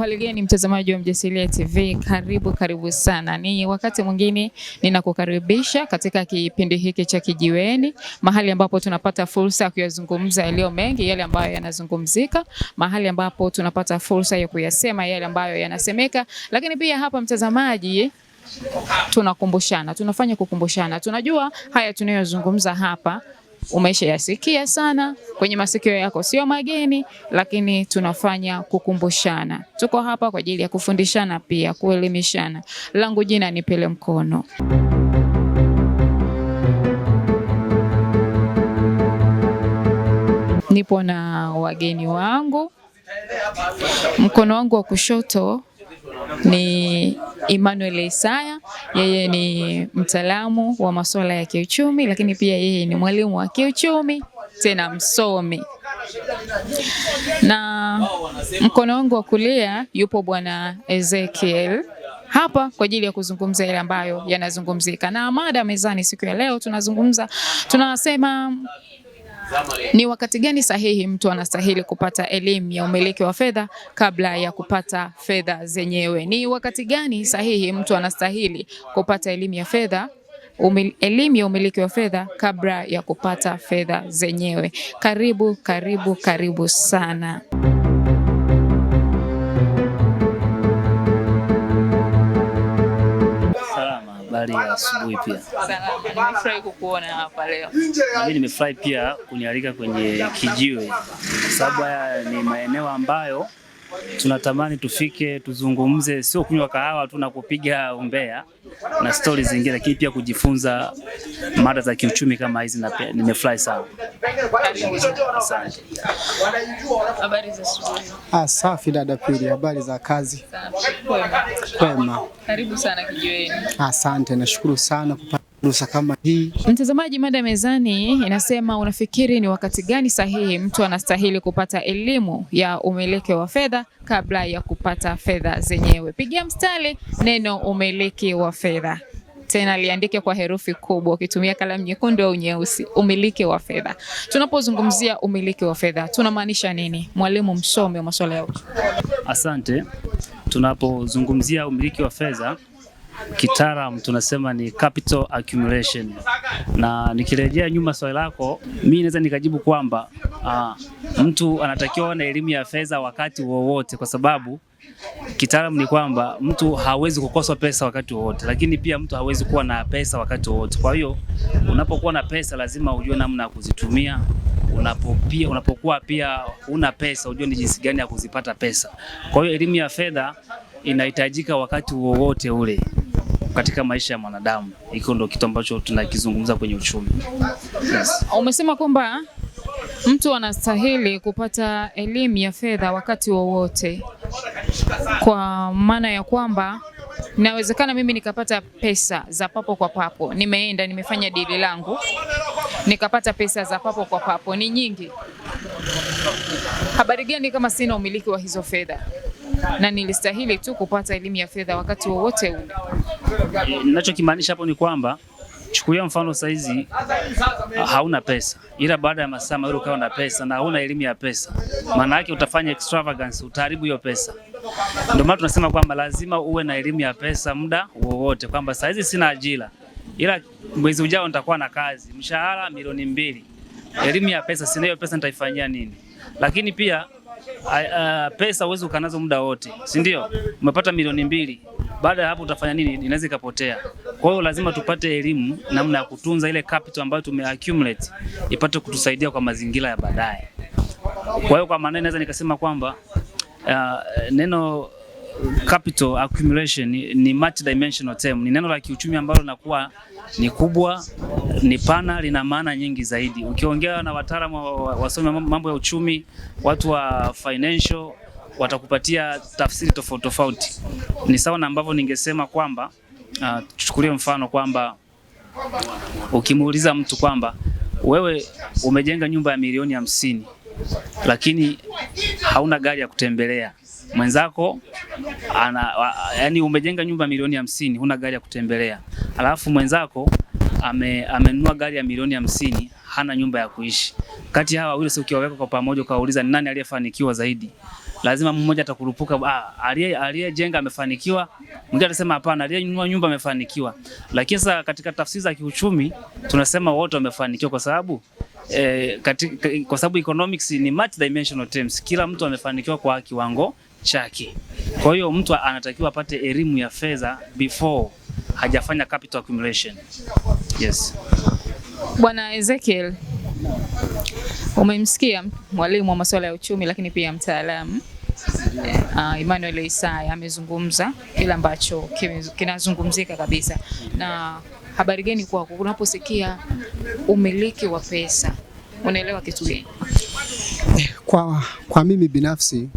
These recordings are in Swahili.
Hali mtazamaji wa Mjasilia TV, karibu karibu sana. Ni wakati mwingine ninakukaribisha katika kipindi hiki cha Kijiweni, mahali ambapo tunapata fursa ya kuyazungumza yaliyo mengi, yale ambayo yanazungumzika, mahali ambapo tunapata fursa ya kuyasema yale ambayo yanasemeka, lakini pia hapa mtazamaji tunakumbushana, tunafanya kukumbushana, tunajua haya tunayozungumza hapa umeshayasikia sana kwenye masikio yako, sio mageni, lakini tunafanya kukumbushana. Tuko hapa kwa ajili ya kufundishana pia kuelimishana. Langu jina ni Pele Mkono. Nipo na wageni wangu, mkono wangu wa kushoto ni Emmanuel Isaya. Yeye ni mtaalamu wa masuala ya kiuchumi, lakini pia yeye ni mwalimu wa kiuchumi tena msomi. Na mkono wangu wa kulia yupo bwana Ezekiel hapa kwa ajili ya kuzungumza yale ambayo yanazungumzika, na mada mezani siku ya leo tunazungumza tunasema ni wakati gani sahihi mtu anastahili kupata elimu ya umiliki wa fedha kabla ya kupata fedha zenyewe? Ni wakati gani sahihi mtu anastahili kupata elimu ya fedha elimu ya umiliki wa fedha kabla ya kupata fedha zenyewe? Karibu, karibu, karibu sana. Habari ya asubuhi pia. Nimefurahi kukuona hapa leo. Na mimi nimefurahi pia kunialika kwenye kijiwe, sababu haya ni maeneo ambayo tunatamani tufike tuzungumze, sio kunywa kahawa tu na kupiga umbea na stori zingine, lakini pia kujifunza mada za kiuchumi kama hizi. Na nimefurahi sana. Habari za studio? Ah, safi dada Pili, habari za kazi? Kwema. Karibu sana kijiweni. Asante, nashukuru sana kupata fursa kama hii. Mtazamaji, mada mezani inasema, unafikiri ni wakati gani sahihi mtu anastahili kupata elimu ya umiliki wa fedha kabla ya kupata fedha zenyewe? Pigia mstari neno umiliki wa fedha, tena liandike kwa herufi kubwa ukitumia kalamu nyekundu au nyeusi. Umiliki wa fedha, tunapozungumzia umiliki wa fedha tunamaanisha nini? Mwalimu msomi wa masuala ya uchumi. Asante. Tunapozungumzia umiliki wa fedha kitaalam tunasema ni capital accumulation. Na nikirejea nyuma swali lako, mi naweza nikajibu kwamba aa, ah, mtu anatakiwa na elimu ya fedha wakati wowote, kwa sababu kitaalamu ni kwamba mtu hawezi kukosa pesa wakati wowote, lakini pia mtu hawezi kuwa na pesa wakati wowote. Kwa hiyo unapokuwa na pesa lazima ujue namna ya kuzitumia Unapopia, unapokuwa pia una pesa ujue ni jinsi gani ya kuzipata pesa. Kwa hiyo elimu ya fedha inahitajika wakati wowote ule katika maisha ya mwanadamu. Hiko ndo kitu ambacho tunakizungumza kwenye uchumi. Yes. Umesema kwamba mtu anastahili kupata elimu ya fedha wakati wowote, kwa maana ya kwamba inawezekana mimi nikapata pesa za papo kwa papo, nimeenda nimefanya dili langu nikapata pesa za papo kwa papo, ni nyingi. Habari gani kama sina umiliki wa hizo fedha? na nilistahili tu kupata elimu ya fedha wakati wowote ule. Ninachokimaanisha hapo ni kwamba Chukulia mfano saizi hauna pesa, ila baada ya masaa mawili ukawa na pesa na hauna elimu ya pesa, maana yake utafanya extravagance, utaharibu hiyo pesa. Ndio maana tunasema kwamba lazima uwe na elimu ya pesa muda wowote, kwamba saizi sina ajira, ila mwezi ujao nitakuwa na kazi, mshahara milioni mbili, elimu ya pesa sina, hiyo pesa nitaifanyia nini? Lakini pia uh, pesa uwezi ukanazo muda wote, si ndio? Umepata milioni mbili, baada ya hapo utafanya nini? Inaweza ikapotea. Kwa hiyo lazima tupate elimu namna ya kutunza ile capital ambayo tume accumulate ipate kutusaidia kwa mazingira ya baadaye. Kwa hiyo kwa maana naweza nikasema kwamba uh, neno capital accumulation ni, ni multidimensional term, ni neno la kiuchumi ambalo linakuwa ni kubwa, ni pana, lina maana nyingi zaidi. Ukiongea na wataalamu wasomi mambo ya uchumi, watu wa financial watakupatia tafsiri tofauti tofauti. Ni sawa na ambavyo ningesema kwamba uh, uh, mfano kwamba ukimuuliza mtu kwamba wewe umejenga nyumba ya milioni hamsini lakini hauna gari ya kutembelea mwenzako ana, yani umejenga nyumba milioni hamsini, huna gari ya kutembelea, alafu mwenzako ame, amenunua gari ya milioni hamsini, hana nyumba ya kuishi. Kati hawa wawili, si ukiwaweka kwa pamoja ukauliza ni nani aliyefanikiwa zaidi, lazima mmoja atakurupuka, ah, aliyejenga amefanikiwa. Mwingine atasema hapana, aliyenunua nyumba amefanikiwa. Lakini sasa katika tafsiri za kiuchumi tunasema wote wamefanikiwa kwa sababu eh, katika, kwa sababu economics ni multi-dimensional terms, kila mtu amefanikiwa kwa kiwango chake. Kwa hiyo mtu anatakiwa apate elimu ya fedha before hajafanya capital accumulation. Yes. Bwana Ezekiel, umemsikia mwalimu wa masuala ya uchumi lakini pia mtaalamu eh, Uh, Emmanuel Isaya amezungumza kile ambacho kinazungumzika kabisa. Na habari gani kwako, unaposikia umiliki wa pesa unaelewa kitu gani? Eh, kwa, kwa mimi binafsi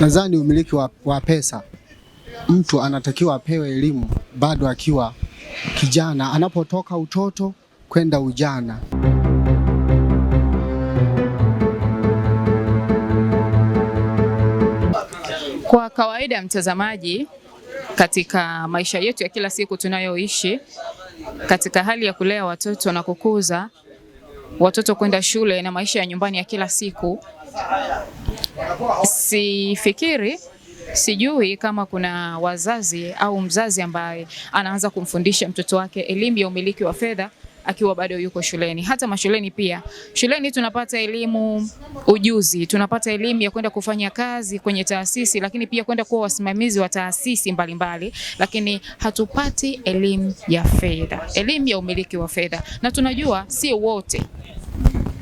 Nadhani umiliki wa, wa pesa, mtu anatakiwa apewe elimu bado akiwa kijana, anapotoka utoto kwenda ujana. Kwa kawaida, mtazamaji, katika maisha yetu ya kila siku tunayoishi, katika hali ya kulea watoto na kukuza watoto kwenda shule na maisha ya nyumbani ya kila siku sifikiri sijui kama kuna wazazi au mzazi ambaye anaanza kumfundisha mtoto wake elimu ya umiliki wa fedha akiwa bado yuko shuleni. Hata mashuleni pia, shuleni tunapata elimu ujuzi, tunapata elimu ya kwenda kufanya kazi kwenye taasisi, lakini pia kwenda kuwa wasimamizi wa taasisi mbalimbali, lakini hatupati elimu ya fedha, elimu ya umiliki wa fedha, na tunajua si wote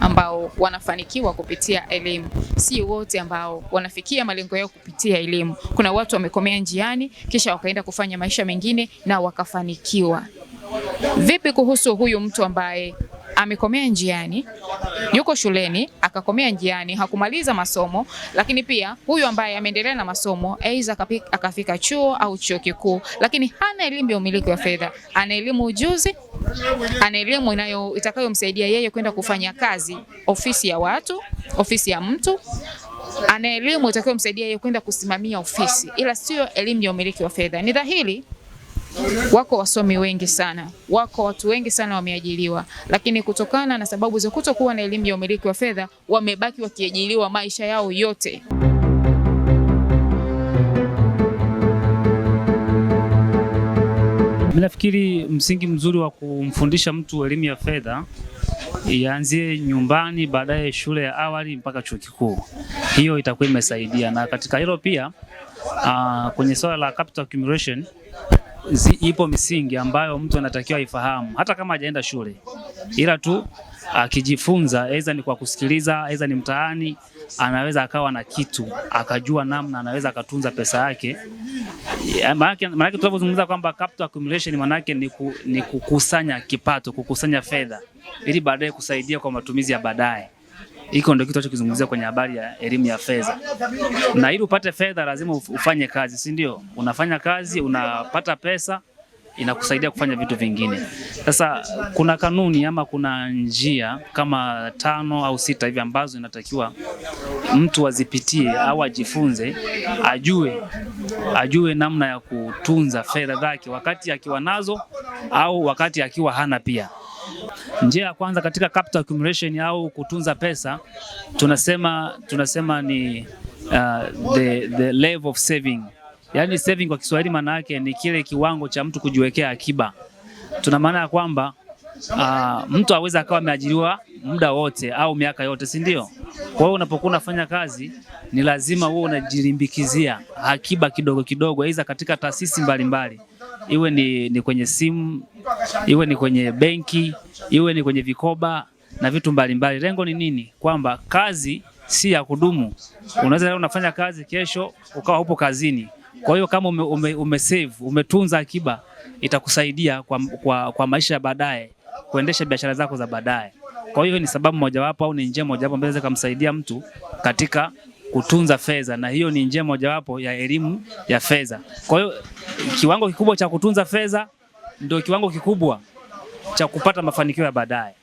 ambao wanafanikiwa kupitia elimu. Si wote ambao wanafikia malengo yao kupitia elimu. Kuna watu wamekomea njiani, kisha wakaenda kufanya maisha mengine na wakafanikiwa. Vipi kuhusu huyu mtu ambaye amekomea njiani, yuko shuleni akakomea njiani, hakumaliza masomo, lakini pia huyu ambaye ameendelea na masomo aidha akafika chuo au chuo kikuu, lakini hana elimu ya umiliki wa fedha, ana elimu ujuzi, ana elimu inayo itakayomsaidia yeye kwenda kufanya kazi ofisi ya watu, ofisi ya mtu ana elimu itakayomsaidia yeye kwenda kusimamia ofisi, ila sio elimu ya umiliki wa fedha. Ni dhahiri wako wasomi wengi sana, wako watu wengi sana wameajiliwa lakini kutokana na sababu za kutokuwa na elimu ya umiliki wa fedha wamebaki wakiajiliwa maisha yao yote. mi nafikiri msingi mzuri wa kumfundisha mtu elimu ya fedha ianzie nyumbani, baadaye shule ya awali mpaka chuo kikuu. Hiyo itakuwa imesaidia, na katika hilo pia aa, ah, kwenye swala la capital accumulation zi, ipo misingi ambayo mtu anatakiwa aifahamu hata kama hajaenda shule, ila tu akijifunza, aidha ni kwa kusikiliza, aidha ni mtaani, anaweza akawa na kitu akajua namna anaweza akatunza pesa yake. Maanake tunavyozungumza kwamba capital accumulation, maanake ni, ku, ni kukusanya kipato, kukusanya fedha ili baadaye kusaidia kwa matumizi ya baadaye. Hiko ndio kitu tunachokizungumzia kwenye habari ya elimu ya fedha, na ili upate fedha lazima ufanye kazi, si ndio? Unafanya kazi, unapata pesa inakusaidia kufanya vitu vingine. Sasa kuna kanuni ama kuna njia kama tano au sita hivi ambazo inatakiwa mtu azipitie au ajifunze, ajue ajue namna ya kutunza fedha zake wakati akiwa nazo au wakati akiwa hana pia. Njia ya kwanza katika capital accumulation au kutunza pesa tunasema, tunasema ni uh, the, the level of saving. Yaani saving kwa Kiswahili maana yake ni kile kiwango cha mtu kujiwekea akiba. Tuna maana ya kwamba uh, mtu aweza akawa ameajiriwa muda wote au miaka yote, si ndio? Kwa hiyo unapokuwa unafanya kazi ni lazima uwe unajilimbikizia akiba kidogo kidogo, aidha katika taasisi mbalimbali, iwe ni, ni kwenye simu iwe ni kwenye benki, iwe ni kwenye vikoba na vitu mbalimbali. Lengo ni nini? Kwamba kazi si ya kudumu. Unaweza leo unafanya kazi, kesho ukawa hupo kazini. Kwa hiyo kama ume, ume, ume save, umetunza akiba itakusaidia kwa, kwa, kwa maisha ya baadaye, kuendesha biashara zako za baadaye. Kwa hiyo ni sababu mojawapo au ni njia mojawapo ambayo inaweza kumsaidia mtu katika kutunza fedha, na hiyo ni njia mojawapo ya elimu ya fedha. Kwa hiyo kiwango kikubwa cha kutunza fedha ndio kiwango kikubwa cha kupata mafanikio ya baadaye.